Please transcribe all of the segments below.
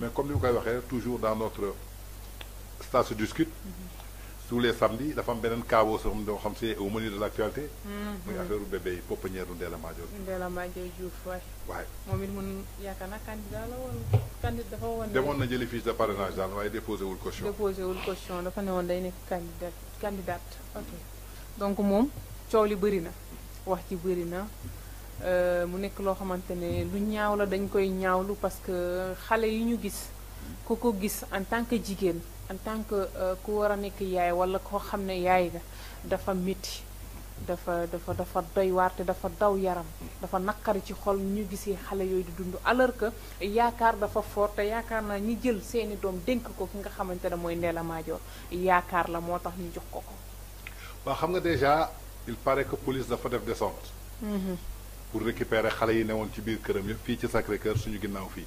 mais comme ni mu koy waxee toujours dans notre ça se discute tous les samedis dafa am beneen kaawoo soo xam doo xam si au menu de mm-hmm. muy affaire bébé yi pouponnière u Ndella Madior. Ndella Madior Diouf moom it mun yaakaar naa candidat la woon candidat dafa na jëli fiche de parrainage daal waaye déposé wul caution. déposé dafa ne woon day nekk candidat candidate ok donc moom coow li bëri na wax ci bëri na euh, mu nekk loo xamante ne lu ñaaw la dañ koy ñaawlu parce que xale yi ñu gis ku ko gis en tant que jigéen. en tant que euh, ku war a nekk yaay wala koo xam ne yaay ga dafa métti dafa dafa dafa doy waar te dafa daw yaram dafa naqari ci xol ñu gisee xale yooyu di dund alors que yaakaar dafa fort te yaakaar naa ñi jël seeni doom dénk ko ki nga xamante ne mooy Ndella Madior yaakaar la moo tax ñu jox ko ko. waaw xam nga déjà il paraît que police dafa def descente. Mm-hmm. pour récupérer xale yi woon ci biir këram yëpp fii ci Sacré-Cœur suñu ginnaaw fii.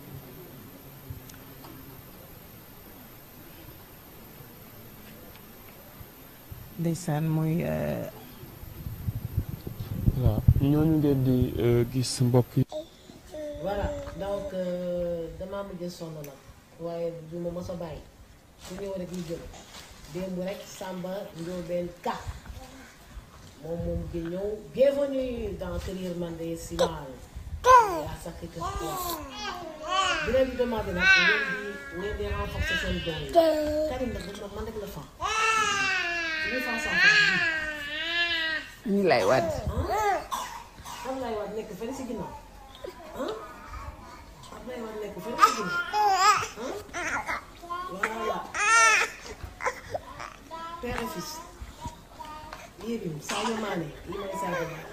ndeysaan mooy. voilà ñooñu ngeen di euh, gis mbokk yi. voilà donc euh, damaa mujj sonn nag waaye du ma mos bàyyi su ñëw rek ñu jël démb rek Samba Ndiobène Ka moom moom di ñëw bienvenue dans Kër Mandé si Maal la Sacré-Cœur bi leen di nag ngeen di ngeen di renforcer seen doole Karim nag man la fa. façon ñi lay wat am lay wat nek fene ci ginnaw hein am lay wat nek fene ci ginnaw voilà père et fils yérim sadio mané li may sadio mané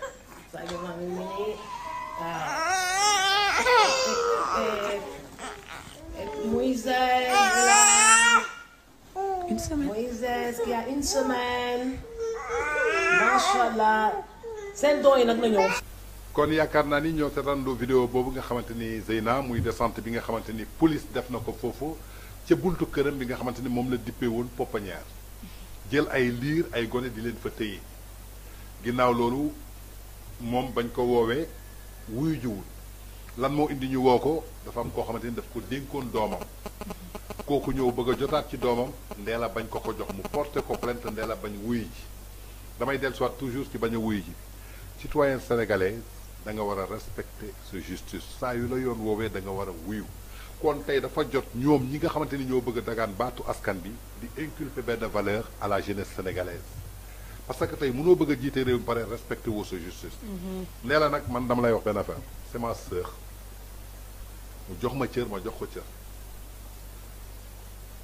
sadio mané ni ah Moisés, une kon yaakaar naa ni ñoo seetaandoo vidéo boobu nga xamante ni Zeyna muy descente bi nga xamante ni police def na ko foofu ca buntu këram bi nga xamante ni moom la dippee woon pouponnière jël ay liir ay gone di leen fa tëye ginnaaw loolu moom bañ ko woowee wuyu jiwul lan moo indi ñu woo ko dafa am koo xamante ni daf ko dénkoon doomam. kooku ñëw bëgg a jotaat ci doomam ndéla bañ ko ko jox mu porter ko plainte ndéla bañ wuy ji damay dellu soit toujours ci bañ wuy wuyu ji citoyen sénégalais da nga wara respecter ce justice saa yu la yoon wowe da nga wara a wuyu kon tey dafa jot ñoom ñi nga xamanteni ñoo bëgg dagan batu askan bi di inculper benn valeur à la jeunesse sénégalaise parce que tay mëno bëgg jité jiite réew mi pare respecté woo justice mm-hmm. nee nak man dam lay wax ben affaire c'est ma sœur mu jox ma cër ma jox ko cër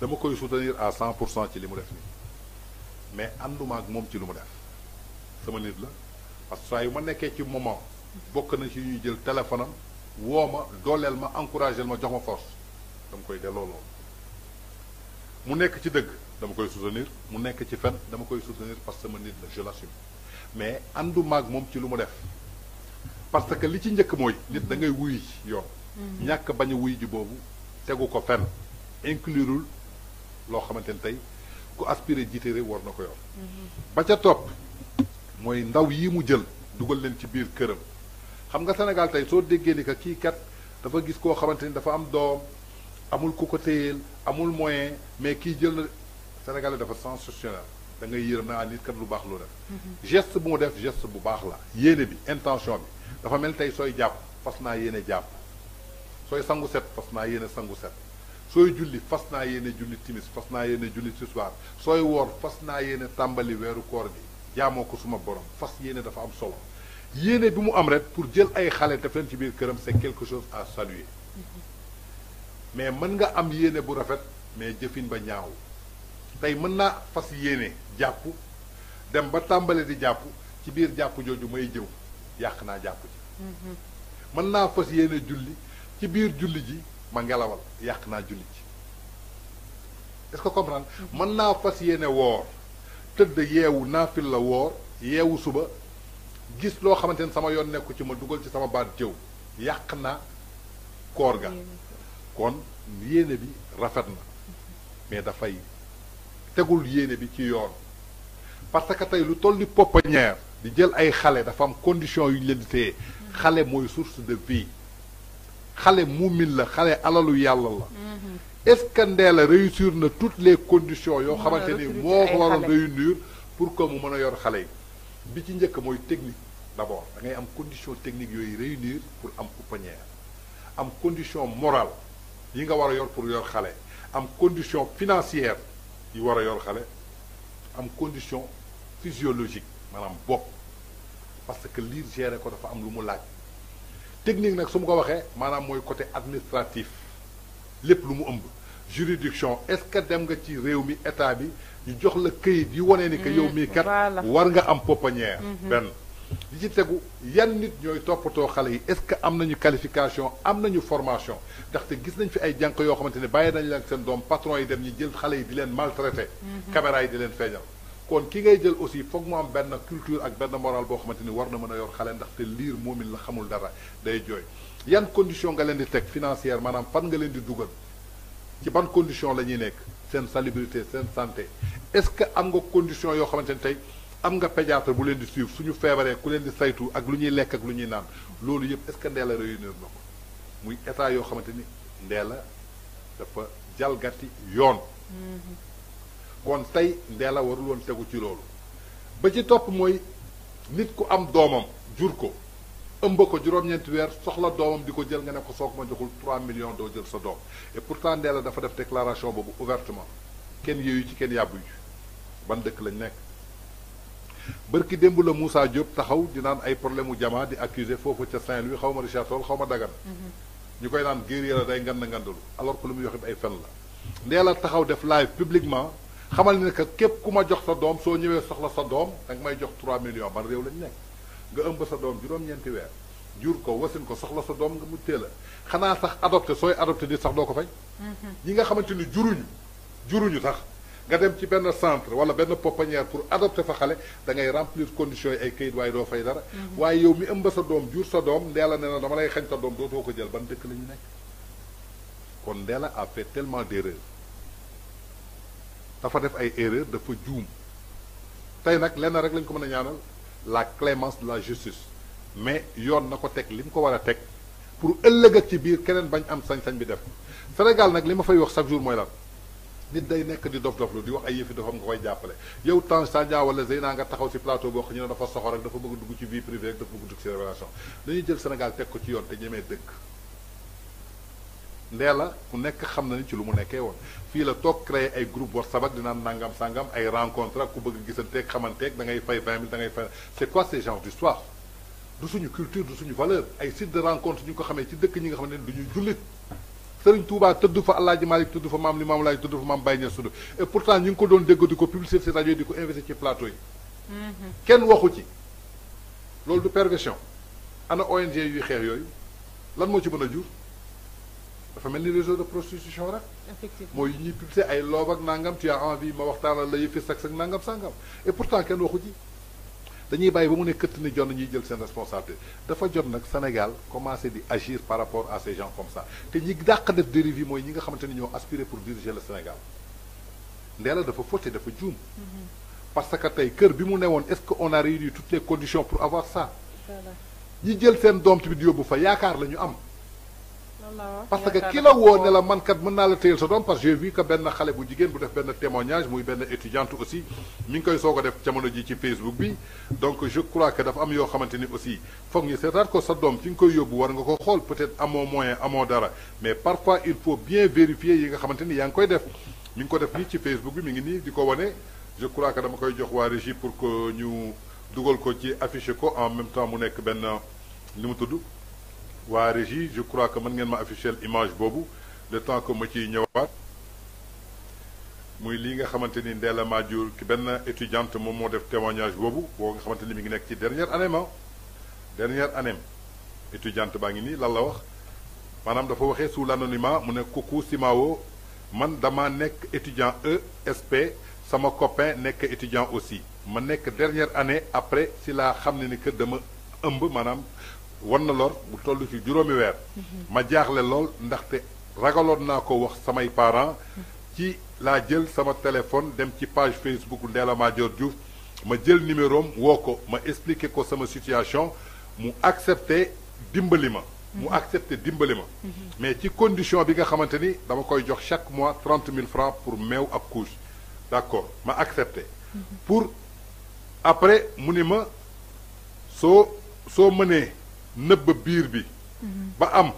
dama koy soutenir à 100 pour cent ci li def nii mais ànduma ak mom ci lu mu def sama nit la parce que saa yu ma nekkee ci moment bokk na ci ñuy jël téléphone am woo ma dooleel ma encouragé ma jox ma force dama koy delloo loolu mu nekk ci dëgg dama koy soutenir mu nekk ci fen dama koy soutenir parce que sama nit la je l'assume mais ànduma ak mom ci lu mu def parce que li ci njëkk mooy nit da ngay wuy yoon mm-hmm. ñàkk bañ a wuy ji boobu tegu ko fen inclurul loo xamante ne tey ku aspiré jiite réew war na ko yor ba ca topp mooy ndaw yi mu jël dugal leen ci biir këram xam nga Sénégal tey soo déggee ni que kii kat dafa gis koo xamante ni dafa am doom amul ku ko téyeel amul moyen mais kii jël na Sénégal dafa sensationnel da ngay yërëm naa nit kat lu baax lu def geste bu mu def geste bu baax la yéene bi intention bi dafa mel tey sooy jàpp fas naa yéene jàpp sooy sangu set fas naa yéene sangu set sooy julli fas naa yéene julli timis fas naa yéene julli tisbaar sooy woor fas naa yéene tàmbali weeru koor gi jaamoo ko suma borom fas yéene dafa am solo yéene bi mu am rek pour jël ay xale def leen ci biir këram c'est quelque chose à saluer mais mën nga am yéene bu rafet mais jëfin ba ñaaw tey mën naa fas yéene jàpp dem ba tàmbali di jàpp ci biir jàpp jooju may jëw yàq naa jàpp ji mm-hmm. mën naa fas yéene julli ci biir julli ji ma ngelawal yàq naa julli ci est que comprendre mën naa fas yéene woor tëdd yeewu naafil la woor yeewu suba gis loo xamante ne sama yoon nekku ci ma dugal ci sama baat jëw yàq na koor ga kon yéene bi rafet na mais dafay tegul yéene bi ci yoon parce que tey lu toll ni pouponnière di jël ay xale dafa am condition yu ñu leen di téye xale mooy source de vie xale muumin la xale alalu yalla la est-ce que Ndella réussir na toutes les conditions yo xamante ni moo ko waroon pour que mu mën yor xale bi ci ñëk moy technique d'abord da ngay am condition technique yooyu réunir pour am pouponnière am condition morale yi nga war yor pour yor xale am condition financière yi war yor xale am condition physiologique manam bopp parce que lire gérer ko dafa am lu mu laaj technique nak sumu côté administratif juridiction est-ce que dem nga ci réew état bi que yow kat war nga am mhm. li ci nit yi est-ce que am nañu qualification am nañu formation te gis nañ fi ay jank yo xamanteni de doom patron yi dem jël yi di maltraité mhm. caméra yi di kon ki ngay jël aussi foog mu am benn culture ak benn morale boo xamante ni war na mën a yor xale ndaxte liir moomin la xamul dara day jooy yan condition nga leen di teg financière maanaam fan nga leen di dugal ci ban condition la ñuy nekk seen salubrité seen santé est-ce que am nga condition yoo xamante ni tey am nga pédiatre bu leen di suivre suñu feebaree ku leen di saytu ak lu ñuy lekk ak lu ñuy naan loolu yëpp est-ce que Ndella réunir na ko muy état yoo xamante ni Ndella dafa jalgati yoon mm-hmm. kon tey Ndella warul woon tegu ci loolu ba ci topp mooy nit ku am doomam jur ko ëmb ko juróom-ñeenti weer soxla doomam di ko jël nga ne ko soog ma joxul 3 millions doo jël sa doom et pourtant Ndella dafa def déclaration boobu ouvertement kenn yooyu ci kenn yàbbu yi ban dëkk lañ nekk bërki démb la musaa Diop taxaw di naan ay problème mu jamaa di accusé foofu ca Saint-Louis xaw ma Richard Toll xaw ma Dagana mm-hmm. ñu koy naan guerrier la day ngand ngandalu alors que lu muy wax ay fen la taxaw def live publiquement xamal ni que képp ku ma jox sa doom soo ñëwee soxla sa doom danga may jox 3 millions ban réew lañ nekk nga ëmb sa doom juróom-ñeenti weer jur ko wasin ko soxla sa doom nga mu teel a xanaa sax adopté sooy adopté di sax doo ko fay. ñi nga xamante ni juruñu juruñu sax nga dem ci benn centre wala benn pouponnière pour adopté fa xale da ngay remplir condition ay kayit waaye doo fay dara. waaye yow mi ëmb sa doom jur sa doom ndeela nee na dama lay xañ sa doom dootoo ko jël ban dëkk la ñu nekk kon ndeela a fait tellement d'erreurs dafa def ay erreur dafa juum tey nag lenn rek lañ ko mën a ñaanal la clémence de la justice mais yoon na ko teg li ko war a teg pour ëllëg ak ci biir keneen bañ am sañ-sañ bi def Sénégal nag li ma fay wax chaque jour mooy lan nit day nekk di dof dof lu di wax ay yëfi dofam nga koy jàppale yow Tange Tandian wala Zeyna nga taxaw si plateau boo xam ne dafa soxor rek dafa bëgg dugg ci vie privée rek dafa bëgg dugg ci révélation dañuy jël Sénégal teg ko ci yoon te ñemee dëkk Ndéla ku nekk xam na ni ci lu mu nekkee woon fii la toog créé ay groupe WhatsApp ak dinaan nangam sangam ay rencontre ak ku bëgg gisanteeg xamanteeg da ngay fay 20 000 da ngay fay c'est quoi ces genres d'histoire du suñu culture du suñu valeur ay site de rencontre ñu ko xamee ci dëkk ñi nga xam ne du ñuy jullit Serigne Touba tëdd fa Alaaji Malik tëdd fa maam Limaamu Laay tëdd fa maam Baye Niass et pourtant ñu ngi ko doon dégg di ko publicité ci rajo di ko investir ci plateau yi mm-hmm. kenn waxu ci loolu du perversion ana ONG yuy xeex yooyu lan moo ci mën a jur dafa mel ni de prostitution rek. effectivement mooy ñuy publicité ay loob ak nangam tu as envie ma waxtaanal la yëfi sax sax nangam sangam et pourtant kenn waxu ci dañuy bàyyi bu mu nekk këtt ni jonn ñuy jël sen responsabilité dafa jot nak Sénégal commencé di agir par rapport à ces gens comme ça té ñi dàq def dérive moy ñi nga xamanteni ni ñoo aspiré pour diriger le Sénégal ndéla dafa fauté dafa joom mm-hmm. parce que tay kër bi mu néwon est-ce que on a réuni toutes les conditions pour avoir ça. ñi jël seen doom tamit yóbbu fa yaakar lañu am parce que qui la woo ne la man kat mën naa la téyel sa doom parce que j'ai vu que ben xalé bu jigen bu def ben témoignage muy ben étudiante aussi mi ngi koy soko a def jamono ji ci Facebook bi donc je crois que dafa am yo xamanteni aussi foog ñu seetaat ko sa doom fi nga koy yóbbu war nga ko xol peut-être amo moyen amo dara mais parfois il faut bien vérifier yi nga xamanteni yang koy def mi ngi ko def ni ci Facebook bi mi ngi ni diko woné je crois que dama koy jox wa régie pour que ñu dugal ko ci affiché ko en même temps mu nek ben limu tuddu wa régie je crois que mon ngeen ma afficher image bobu le temps que ma ci ñëwaat muy li nga xamanteni ni ma Madior ki ben étudiante moment mo def témoignage bobu bo nga xamanteni mi ngi nekk ci dernière année ma dernière année étudiante bangini ngi ni la la wax manam dafa waxé sous l'anonymat mu ne kooku Simao man dama nekk étudiant ESP sama copain nekk étudiant aussi ma nekk dernière année après si la xamni ni que dama ëmb manam wan lor bu tollu ci juróomi weer. ma jaaxle lool ndaxte ragaloon naa ko wax samay parents. ci laa jël sama téléphone dem ci page Facebook la Madior Diouf ma jël numéro am woo ma expliqué ko sama situation mu accepté dimbali ma. mu accepté dimbali mais ci condition bi nga xamante ni dama koy jox chaque mois 30 mille francs pour meew ak couche d' ma accepté. pour après mu ni ma soo soo n'est biir bi ba am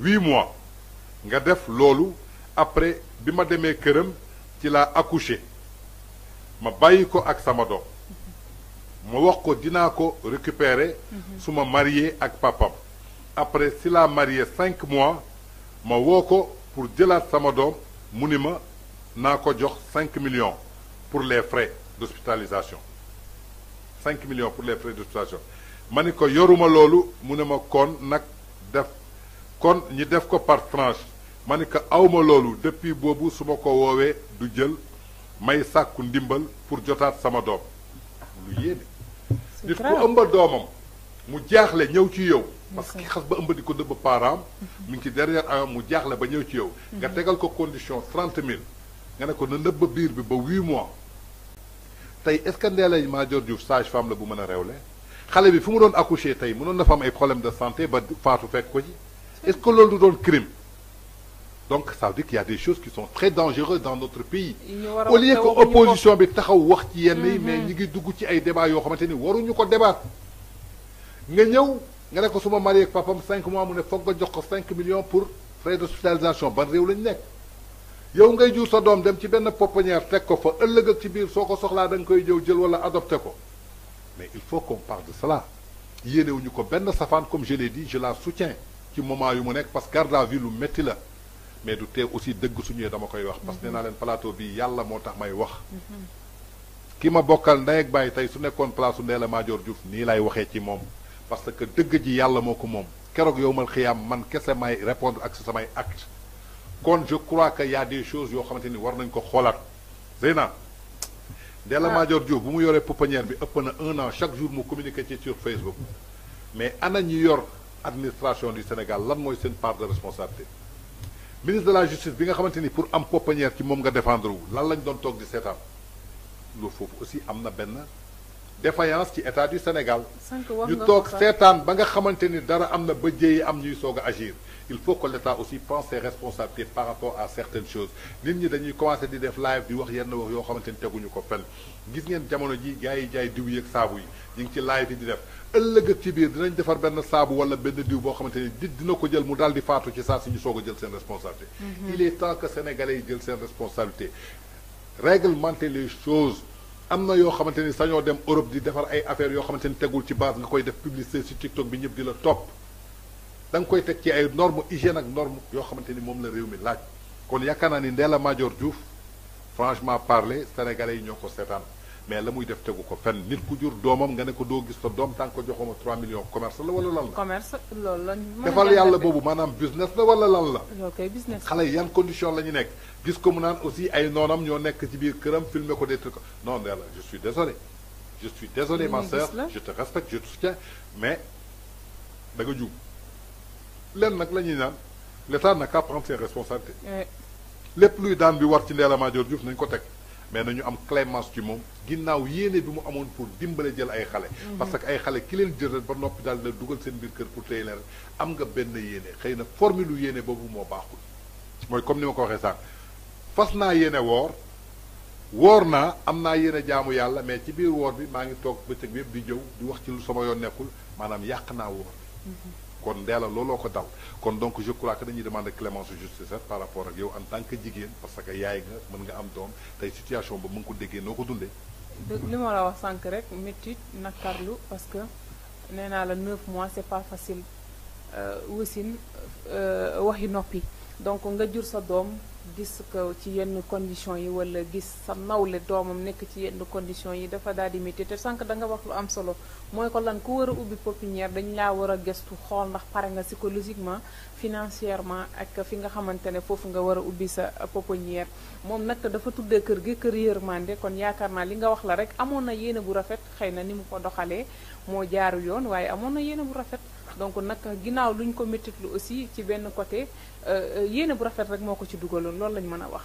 huit mois nga def lolu après bima démé suis ci la accouché ma bayiko ak sama do ma wax ko dina ko récupérer suma ma marié ak papa. après si a marié 5 mois ma woko pour jëlaat sama do munima nako millions pour les frais d'hospitalisation 5 millions pour les frais d'hospitalisation ma ne ko yoruma loolu mu ne ma kon nag def kon ñi def ko par tranche ma ne ko awma loolu depuis boobu su ma ko woowee du jël may sàkku ndimbal pour jotaat sama doom lu yéene nit ku ëmba doomam mu jaaxle ñëw ci yow parce que ki xas ba ëmba di ko dëbb param mu mhm. ngi ci derrière am mu jaaxle ba ñëw ci yow mhm. nga tegal ko condition trente mille nga ne ko na nëbb biir bi ba huit mois tey est-ce que Ndella Madior Diouf sage femme la bu mën a réewle xalé bi fu mu doon accoucher tey mënoon na fa am ay problème de santé ba faatu fekk ko ci est-ce que loolu du doon crime donc ça veut dire qu'il y a des choses qui sont très dangereuses dans notre pays au lieu que opposition bi taxaw wax ci yenn yi mais mm-hmm. ñi ngi dugg ci ay débat yoo xamante ni waruñu ko débat nga ñëw nga ne ko suma mari ak papam 5 mois mu ne foog nga jox ko 5 millions pour frais d'hospitalisation ban réew lañu nekk yow ngay jur sa doom dem ci benn pouponnière teg ko fa ëllëg ak ci biir soo ko soxlaa da nga koy jëw jël wala adopté ko mais il faut qu'on parle de cela yéenewuñu ko benn safaan comme je l'ai dit je la soutiens ci moment yu mu nekk parce que garde à vue lu métti la mais du tee aussi dëgg su ñëwee dama koy wax parce que nee naa leen plateau bi yàlla moo tax may wax ki ma bokkal ndey ak bàyyi tay su nekkoon place su Ndella Madior Diouf nii lay waxee ci mom parce que deug ji yalla moko mom kérok keroog yowmal khiyam man kese may répondre ak samay acte kon je crois que y a des choses yo xamanteni war nañ ko xoolaat zainab Ndella la ah. Diouf bu mu yoree pouponnière bi ëpp na un an chaque jour mu communiqué ci sur Facebook mais ana New yor administration du Sénégal moi, mooy seen part de responsabilité ministre de la justice bi nga xamante pour am pouponnière ci moom nga défendre wu lan lañ doon toog ans. Il faut aussi amener ben benn défaillance ci état du Sénégal ñu toog seetaan ba nga xamante ni dara am budget, ba jéyi am ñuy agir il faut que l'État aussi pense ses responsabilités par rapport à certaines choses nit ñi dañuy commencé di def live di wax yenn wax yoo xamante ni teguñu ko fenn gis ngeen jamono ji gars yi jaay diw yi ak saabu yi ñu ngi ci live yi di def ëllëg ci biir dinañ defar benn saabu wala benn diw boo xamante dit di dina ko jël mu daal di faatu ci saa si ñu soog a jël seen responsabilité mm-hmm. il est temps que sénégalais yi jël seen responsabilité réglementer les choses Amna yo xamanteni xamante dem Europe di defar ay affaires yo xamanteni ni ci base nga koy def publicité ci TikTok bi ñëpp di la top da nga koy teg ci ay norme hygiène ak norme yo xamanteni mom la réew mi laaj kon yaakaar naa ni Ndella Madior Diouf franchement parler sénégalais ñoko ñoo mais la muy def tegu ko fenn nit ku jur domam nga ne ko do gis sa dom tant que joxuma 3 millions commerce la wala lan la. commerce lool la defal yalla bobu manam business la wala lan la. ok business xalé yan condition lañu nek gis ko mu nan aussi ay nonam ñoo nek ci biir kërëm filmé ko des trucs non Ndella je suis désolé. je suis désolé ma mmh, soeur je te respecte je te soutiens mais da nga juum. leen nag la ñuy naan l' état n'a qu'à prendre ses responsabilités. lépp luy daan bi war ci Ndella Madior Diouf nañ ko teg mais nañu am clémence ci moom ginnaaw yéene bi mu amoon pour dimbale jël ay xale. Mhm. parce que ay xale ki leen jël ba noppi daal na dugal seen biir kër pour téye leen am nga benn yéene xëy na formule yéene boobu moo baaxul. mooy comme ni ma ko waxee sànq fas naa yéene woor woor naa am naa yéene jaamu yàlla mais ci biir woor bi maa ngi toog bëccëg bi yëpp di jëw di wax ci lu yoon nekkul maanaam yàq naa kon Ndella looloo ko dal kon donc je crois que dañuy demander clémence justice rek hein, par rapport ak yow en tant que jigéen parce que yaay nga mën nga am doom tey situation ba mën ko déggee noo ko dundee. li ma la wax sànq rek méttit nakarlu parce que nee naa la 9 mois c'est pas facile euh, wasin euh, waxi noppi. donc nga jur sa doom gis ko ci yenn condition yi wala gis sa nawle doomam nekk ci yenn condition yi dafa daal di métti te sànq danga wax lu am solo mooy ko lan ku war a ubbi pépinière dañ laa war a gëstu xool ndax pare nga psychologiquement financièrement ak fi nga xamante ne foofu nga war a ubbi sa pépinière moom nag dafa tuddee kër gi kër yërmande kon yaakaar naa li nga wax la rek amoon na yéene bu rafet xëy na ni mu ko doxalee moo jaarul yoon waaye amoon na yéene bu rafet donc nag ginnaaw luñ ko méttitlu aussi ci benn côté euh, euh, yéene bu rafet rek moo ko ci dugaloon loolu lañ mën a wax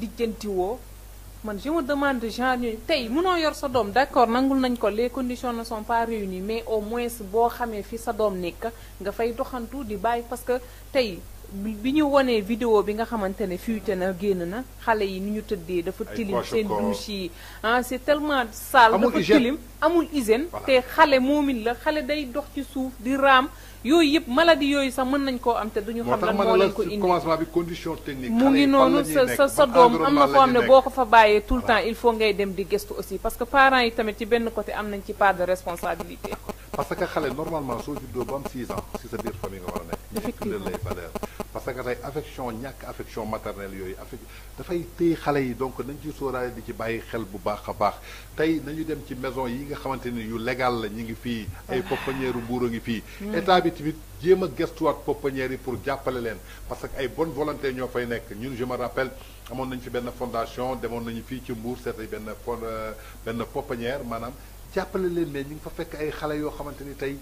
lijjanti wo man je me demande genre ñooñu mon mënoo yor sa dom d'accord nangul nañ ko les conditions ne sont pas réunies mais au moins bo xamé fi sa dom nek nga fay doxantou di bay parce que tay biñu woné vidéo bi nga xamante ne fuite na génn na xale yi niñu ñu dafa tilim sen douche yi hein c'est tellement sale dafa tilim amul hygiène te xale momine la xale day dox ci souf di ram yoy yep maladie yoy sax mën nañ ko am te duñu xam lan mo leen ko indi commencement bi condition technique mu ngi noonu sa sa dom doom am na foo xam ne boo fa bayé tout temps il faut ngay dem di gëstu aussi parce que parents yi tamit ci benn côté am nañ ci part de responsabilité parce que xale normalement so ci do bam 6 ans si sa bir famille nga wara nek nekk ñu lay valeur parce que affection ñak affection maternelle yooyu da fay téye xalé yi donc nañ ci sóoraale di ci bayyi xel bu baaxa baax tay nañu dem ci maison yi nga xamanteni yu légal la ñi ngi fi ay ah. pouponnière buur a ngi fii hmm. état bi tamit jema a gestuwaat yi pour jàppale leen parce que ay bonne volonté ño fay nek ñun je me rappelle amon nañ fi ben fondation demon nañ fi ci Mbour c'est ben ben benn manam euh, maanaam jàppale leen mais ñi ngi fa fekk ay xalé yo xamanteni tay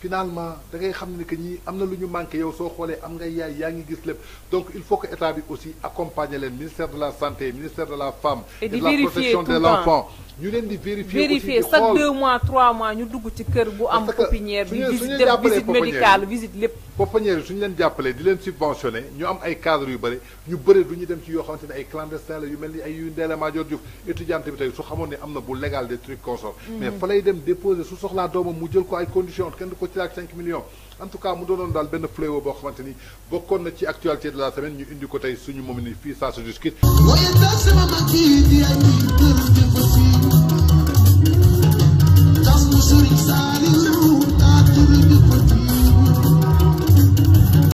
finalement da ngay xam que ñii amna luñu manké yow so xolé am ngay yaay yaa ngi gis lepp donc il faut que état bi aussi accompagner le ministère de la santé ministère de la femme et de la protection de l'enfant ñu leen di vérifier chaque deux mois trois mois ñu dugg ci kër bu am pépinière bi visite visite médicale visite lépp pépinière suñu len jappelé di len subventionné ñu am ay cadre yu bëri ñu bëri duñu dem ci yo xamanteni ay clandestins la yu melni ay yu Ndella Madior Diouf étudiante bi tay su xamone ni amna bu légal des trucs consort mais fallait dem déposer su soxlaa doomam mu jël ko ay conditions kenn du ko ci 5 millions en tout cas mu doonoon dal ben fléau bo xamanteni bokkon na ci actualité de la semaine ñu indi ko tay suñu moom ni ça se discute tu sonrisa de